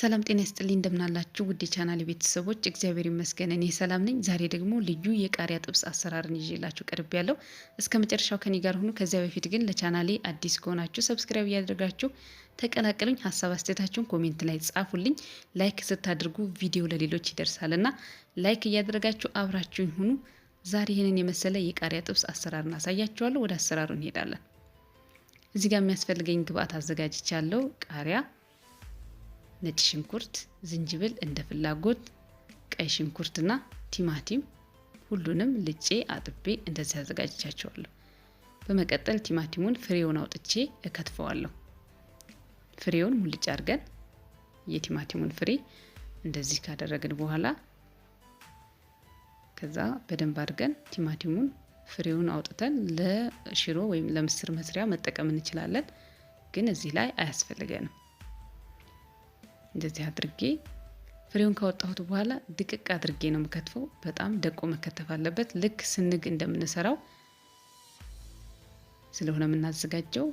ሰላም ጤና ይስጥልኝ እንደምናላችሁ ውድ ቻናል ቤተሰቦች፣ እግዚአብሔር ይመስገን እኔ ሰላም ነኝ። ዛሬ ደግሞ ልዩ የቃሪያ ጥብስ አሰራርን ይዤላችሁ ቀርብ ያለው እስከ መጨረሻው ከኔ ጋር ሁኑ። ከዚያ በፊት ግን ለቻናሌ አዲስ ከሆናችሁ ሰብስክራይብ እያደረጋችሁ ተቀላቀሉኝ። ሀሳብ አስተያየታችሁን ኮሜንት ላይ ጻፉልኝ። ላይክ ስታደርጉ ቪዲዮ ለሌሎች ይደርሳልና ላይክ እያደረጋችሁ አብራችሁኝ ሁኑ። ዛሬ ይህንን የመሰለ የቃሪያ ጥብስ አሰራርን አሳያችኋለሁ። ወደ አሰራሩ እንሄዳለን። እዚህ ጋር የሚያስፈልገኝ ግብአት አዘጋጅቻለሁ ቃሪያ ነጭ ሽንኩርት፣ ዝንጅብል እንደ ፍላጎት፣ ቀይ ሽንኩርትና ቲማቲም ሁሉንም ልጬ አጥቤ እንደዚህ አዘጋጅቻቸዋለሁ። በመቀጠል ቲማቲሙን ፍሬውን አውጥቼ እከትፈዋለሁ። ፍሬውን ሙልጭ አድርገን የቲማቲሙን ፍሬ እንደዚህ ካደረግን በኋላ ከዛ በደንብ አድርገን ቲማቲሙን ፍሬውን አውጥተን ለሽሮ ወይም ለምስር መስሪያ መጠቀም እንችላለን። ግን እዚህ ላይ አያስፈልገንም። እንደዚህ አድርጌ ፍሬውን ካወጣሁት በኋላ ድቅቅ አድርጌ ነው የምከትፈው። በጣም ደቆ መከተፍ አለበት፣ ልክ ስንግ እንደምንሰራው ስለሆነ የምናዘጋጀው።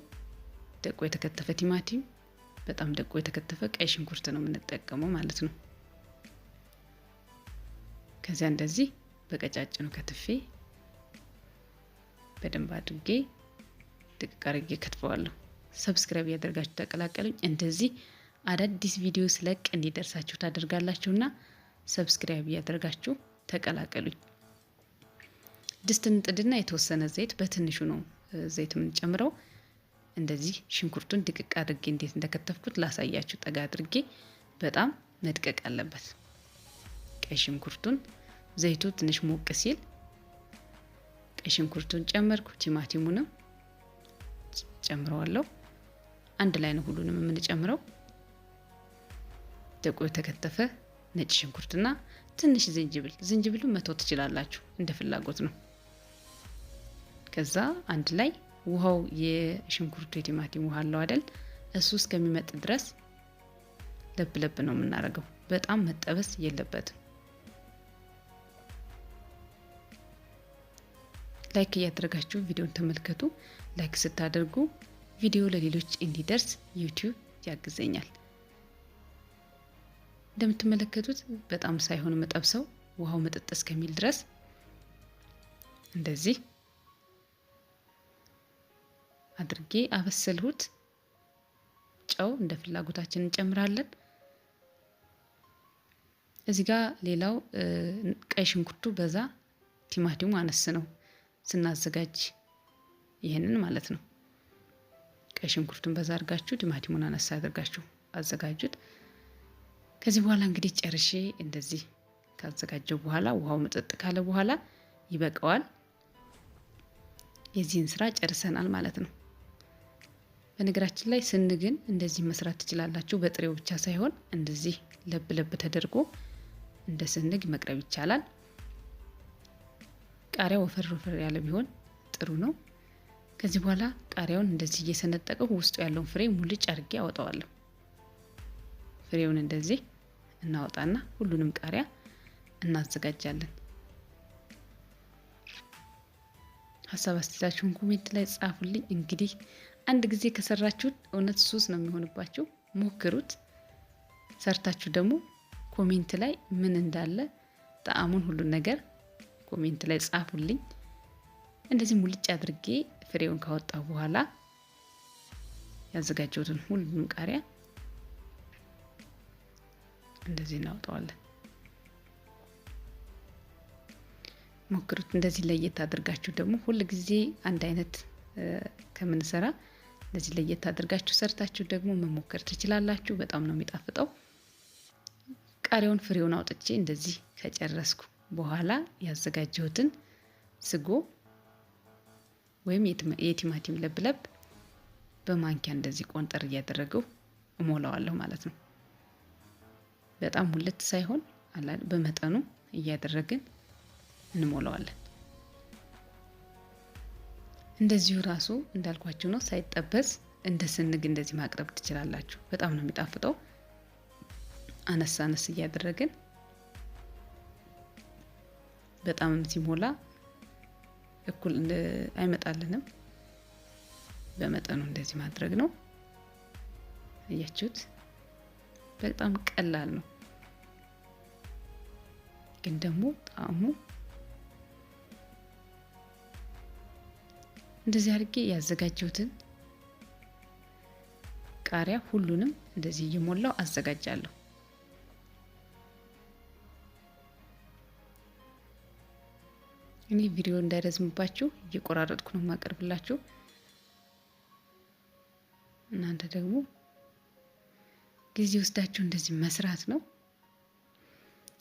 ደቆ የተከተፈ ቲማቲም፣ በጣም ደቆ የተከተፈ ቀይ ሽንኩርት ነው የምንጠቀመው ማለት ነው። ከዚያ እንደዚህ በቀጫጭኑ ከትፌ በደንብ አድርጌ ድቅቅ አድርጌ ከትፈዋለሁ። ሰብስክራይብ እያደረጋችሁ ተቀላቀሉኝ። እንደዚህ አዳዲስ ቪዲዮ ስለቅ እንዲደርሳችሁ ታደርጋላችሁና ሰብስክራይብ እያደርጋችሁ ተቀላቀሉኝ። ድስትን ጥድና የተወሰነ ዘይት በትንሹ ነው ዘይት የምንጨምረው። እንደዚህ ሽንኩርቱን ድቅቅ አድርጌ እንዴት እንደከተፍኩት ላሳያችሁ። ጠጋ አድርጌ በጣም መድቀቅ አለበት ቀይ ሽንኩርቱን። ዘይቱ ትንሽ ሞቅ ሲል ቀይ ሽንኩርቱን ጨመርኩ። ቲማቲሙንም ጨምረዋለሁ። አንድ ላይ ነው ሁሉንም የምንጨምረው። ደቆ የተከተፈ ነጭ ሽንኩርትና ትንሽ ዝንጅብል፣ ዝንጅብሉ መተው ትችላላችሁ እንደ ፍላጎት ነው። ከዛ አንድ ላይ ውሃው የሽንኩርቱ የቲማቲም ውሃ አለው አይደል? እሱ እስከሚመጥ ድረስ ለብ ለብ ነው የምናደርገው። በጣም መጠበስ የለበትም። ላይክ እያደረጋችሁ ቪዲዮን ተመልከቱ። ላይክ ስታደርጉ ቪዲዮ ለሌሎች እንዲደርስ ዩቲዩብ ያግዘኛል። እንደምትመለከቱት በጣም ሳይሆን መጠብሰው ውሃው መጠጥ እስከሚል ድረስ እንደዚህ አድርጌ አበሰልሁት። ጨው እንደ ፍላጎታችን እንጨምራለን። እዚህ ጋር ሌላው ቀይ ሽንኩርቱ በዛ፣ ቲማቲሙ አነስ ነው ስናዘጋጅ ይህንን ማለት ነው። ቀይ ሽንኩርቱን በዛ አድርጋችሁ ቲማቲሙን አነስ አድርጋችሁ አዘጋጁት። ከዚህ በኋላ እንግዲህ ጨርሼ እንደዚህ ካዘጋጀው በኋላ ውሃው መጠጥ ካለ በኋላ ይበቀዋል። የዚህን ስራ ጨርሰናል ማለት ነው። በነገራችን ላይ ስን ግን እንደዚህ መስራት ትችላላችሁ። በጥሬው ብቻ ሳይሆን እንደዚህ ለብ ለብ ተደርጎ እንደ ስንግ መቅረብ ይቻላል። ቃሪያ ወፈር ወፈር ያለ ቢሆን ጥሩ ነው። ከዚህ በኋላ ቃሪያውን እንደዚህ እየሰነጠቀው ውስጡ ያለውን ፍሬ ሙልጭ አድርጌ አወጣዋለሁ። ፍሬውን እንደዚህ እናወጣና ሁሉንም ቃሪያ እናዘጋጃለን። ሀሳብ አስተያየታችሁን ኮሜንት ላይ ጻፉልኝ። እንግዲህ አንድ ጊዜ ከሰራችሁት እውነት ሱስ ነው የሚሆንባችሁ። ሞክሩት። ሰርታችሁ ደግሞ ኮሜንት ላይ ምን እንዳለ ጣዕሙን፣ ሁሉን ነገር ኮሜንት ላይ ጻፉልኝ። እንደዚህ ሙልጭ አድርጌ ፍሬውን ካወጣሁ በኋላ ያዘጋጀሁትን ሁሉንም ቃሪያ እንደዚህ እናውጠዋለን። ሞክሩት። እንደዚህ ለየት አድርጋችሁ ደግሞ ሁል ጊዜ አንድ አይነት ከምንሰራ እንደዚህ ለየት አድርጋችሁ ሰርታችሁ ደግሞ መሞከር ትችላላችሁ። በጣም ነው የሚጣፍጠው። ቃሪያውን ፍሬውን አውጥቼ እንደዚህ ከጨረስኩ በኋላ ያዘጋጀሁትን ስጎ ወይም የቲማቲም ለብለብ በማንኪያ እንደዚህ ቆንጠር እያደረገው እሞላዋለሁ ማለት ነው። በጣም ሁለት ሳይሆን በመጠኑ እያደረግን እንሞላዋለን። እንደዚሁ ራሱ እንዳልኳችሁ ነው፣ ሳይጠበስ እንደ ስንግ እንደዚህ ማቅረብ ትችላላችሁ። በጣም ነው የሚጣፍጠው። አነስ አነስ እያደረግን በጣም ሲሞላ እኩል አይመጣልንም። በመጠኑ እንደዚህ ማድረግ ነው። እያችሁት በጣም ቀላል ነው፣ ግን ደግሞ ጣዕሙ እንደዚህ አድርጌ ያዘጋጀሁትን ቃሪያ ሁሉንም እንደዚህ እየሞላው አዘጋጃለሁ። እኔ ቪዲዮ እንዳይረዝምባችሁ እየቆራረጥኩ ነው የማቀርብላችሁ። እናንተ ደግሞ ጊዜ ወስዳችሁ እንደዚህ መስራት ነው።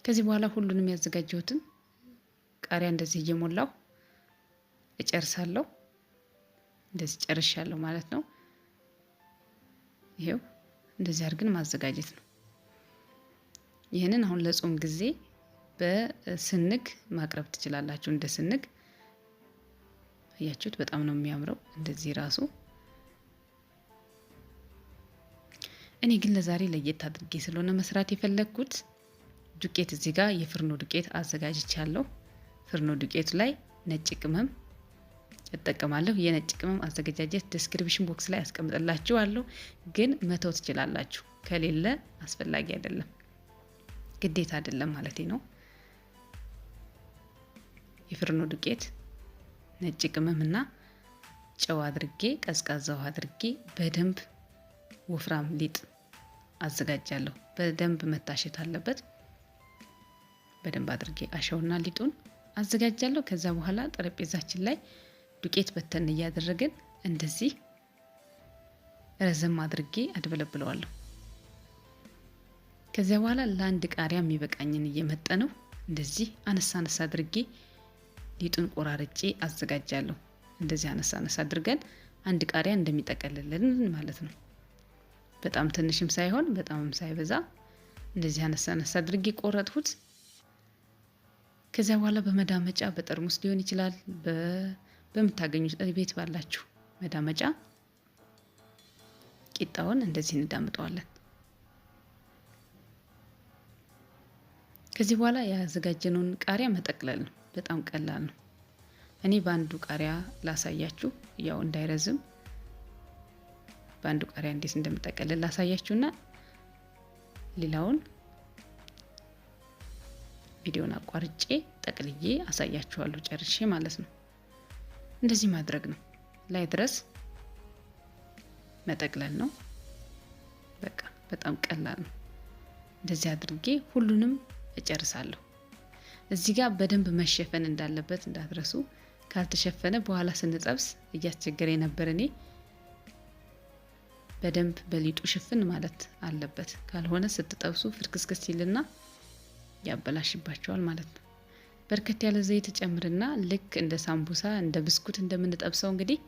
ከዚህ በኋላ ሁሉንም ያዘጋጀሁትን ቃሪያ እንደዚህ እየሞላሁ እጨርሳለሁ። እንደዚህ ጨርሻለሁ ማለት ነው። ይሄው እንደዚህ አድርግን ማዘጋጀት ነው። ይህንን አሁን ለጾም ጊዜ በስንግ ማቅረብ ትችላላችሁ። እንደ ስንግ እያችሁት በጣም ነው የሚያምረው እንደዚህ ራሱ እኔ ግን ለዛሬ ለየት አድርጌ ስለሆነ መስራት የፈለግኩት ዱቄት እዚህ ጋር የፍርኖ ዱቄት አዘጋጅቻለሁ። ፍርኖ ዱቄቱ ላይ ነጭ ቅመም እጠቀማለሁ። የነጭ ቅመም አዘገጃጀት ዲስክሪፕሽን ቦክስ ላይ አስቀምጥላችኋለሁ፣ ግን መተው ትችላላችሁ። ከሌለ አስፈላጊ አይደለም፣ ግዴታ አይደለም ማለት ነው። የፍርኖ ዱቄት ነጭ እና ጨው አድርጌ ቀዝቃዛው አድርጌ በደንብ ወፍራም ሊጥ አዘጋጃለሁ። በደንብ መታሸት አለበት። በደንብ አድርጌ አሸውና ሊጡን አዘጋጃለሁ። ከዛ በኋላ ጠረጴዛችን ላይ ዱቄት በተን እያደረግን እንደዚህ ረዘም አድርጌ አድበለብለዋለሁ። ከዚያ በኋላ ለአንድ ቃሪያ የሚበቃኝን እየመጠነው እንደዚህ አነሳ አነሳ አድርጌ ሊጡን ቆራርጬ አዘጋጃለሁ። እንደዚህ አነሳ አነሳ አድርገን አንድ ቃሪያ እንደሚጠቀልልን ማለት ነው። በጣም ትንሽም ሳይሆን በጣምም ሳይበዛ እንደዚህ አነሳ አነሳ አድርጌ ቆረጥኩት። ከዚያ በኋላ በመዳመጫ በጠርሙስ ሊሆን ይችላል፣ በምታገኙት ቤት ባላችሁ መዳመጫ ቂጣውን እንደዚህ እንዳምጠዋለን። ከዚህ በኋላ ያዘጋጀነውን ቃሪያ መጠቅለል ነው። በጣም ቀላል ነው። እኔ በአንዱ ቃሪያ ላሳያችሁ፣ ያው እንዳይረዝም በአንዱ ቃሪያ እንዴት እንደምጠቀልል ላሳያችሁና ሌላውን ቪዲዮን አቋርጬ ጠቅልዬ አሳያችኋለሁ ጨርሼ ማለት ነው። እንደዚህ ማድረግ ነው። ላይ ድረስ መጠቅለል ነው። በቃ በጣም ቀላል ነው። እንደዚህ አድርጌ ሁሉንም እጨርሳለሁ። እዚህ ጋር በደንብ መሸፈን እንዳለበት እንዳትረሱ። ካልተሸፈነ በኋላ ስንጠብስ እያስቸገረ የነበር እኔ በደንብ በሊጡ ሽፍን ማለት አለበት። ካልሆነ ስትጠብሱ ፍርክስክስ ይልና ያበላሽባቸዋል ማለት ነው። በርከት ያለ ዘይት ጨምርና ልክ እንደ ሳምቡሳ እንደ ብስኩት እንደምንጠብሰው እንግዲህ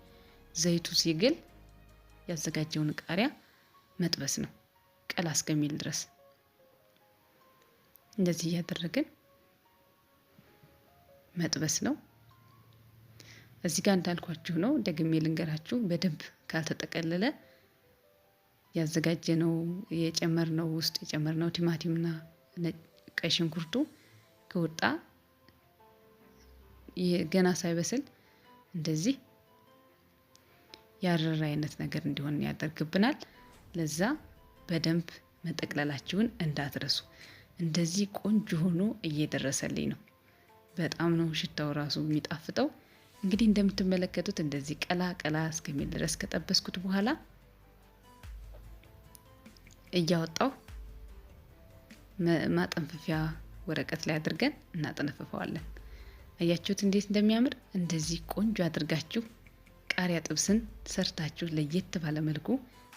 ዘይቱ ሲግል ያዘጋጀውን ቃሪያ መጥበስ ነው፣ ቀላ እስከሚል ድረስ እንደዚህ እያደረግን መጥበስ ነው። እዚህ ጋር እንዳልኳችሁ ነው፣ ደግሜ ልንገራችሁ። በደንብ ካልተጠቀለለ ያዘጋጀ የጨመር የጨመርነው ውስጥ የጨመር ቲማቲም ቲማቲምና ቀይ ሽንኩርቱ ከወጣ ገና ሳይበስል እንደዚህ ያረረ አይነት ነገር እንዲሆን ያደርግብናል። ለዛ በደንብ መጠቅለላችሁን እንዳትረሱ። እንደዚህ ቆንጆ ሆኖ እየደረሰልኝ ነው። በጣም ነው ሽታው ራሱ የሚጣፍጠው። እንግዲህ እንደምትመለከቱት እንደዚህ ቀላ ቀላ እስከሚል ድረስ ከጠበስኩት በኋላ እያወጣው ማጠንፈፊያ ወረቀት ላይ አድርገን እናጠነፍፈዋለን። አያችሁት እንዴት እንደሚያምር። እንደዚህ ቆንጆ አድርጋችሁ ቃሪያ ጥብስን ሰርታችሁ ለየት ባለ መልኩ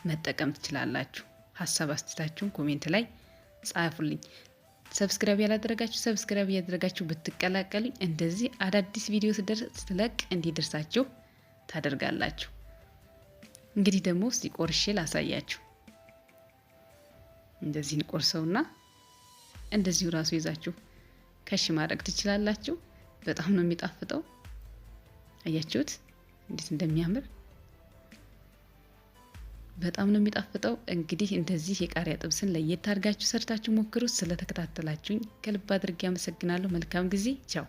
መጠቀም ትችላላችሁ። ሀሳብ አስተያየታችሁን ኮሜንት ላይ ጻፉልኝ። ሰብስክራይብ ያላደረጋችሁ ሰብስክራይብ እያደረጋችሁ ብትቀላቀሉኝ እንደዚህ አዳዲስ ቪዲዮ ስለቅ እንዲደርሳችሁ ታደርጋላችሁ። እንግዲህ ደግሞ እስቲ ቆርሼ ላሳያችሁ። እንደዚህን ቆርሰውና እንደዚሁ ራሱ ይዛችሁ ከሽ ማድረግ ትችላላችሁ። በጣም ነው የሚጣፍጠው። አያችሁት እንዴት እንደሚያምር በጣም ነው የሚጣፍጠው። እንግዲህ እንደዚህ የቃሪያ ጥብስን ለየት አድርጋችሁ ሰርታችሁ ሞክሩት። ስለተከታተላችሁኝ ከልብ አድርጌ አመሰግናለሁ። መልካም ጊዜ። ቻው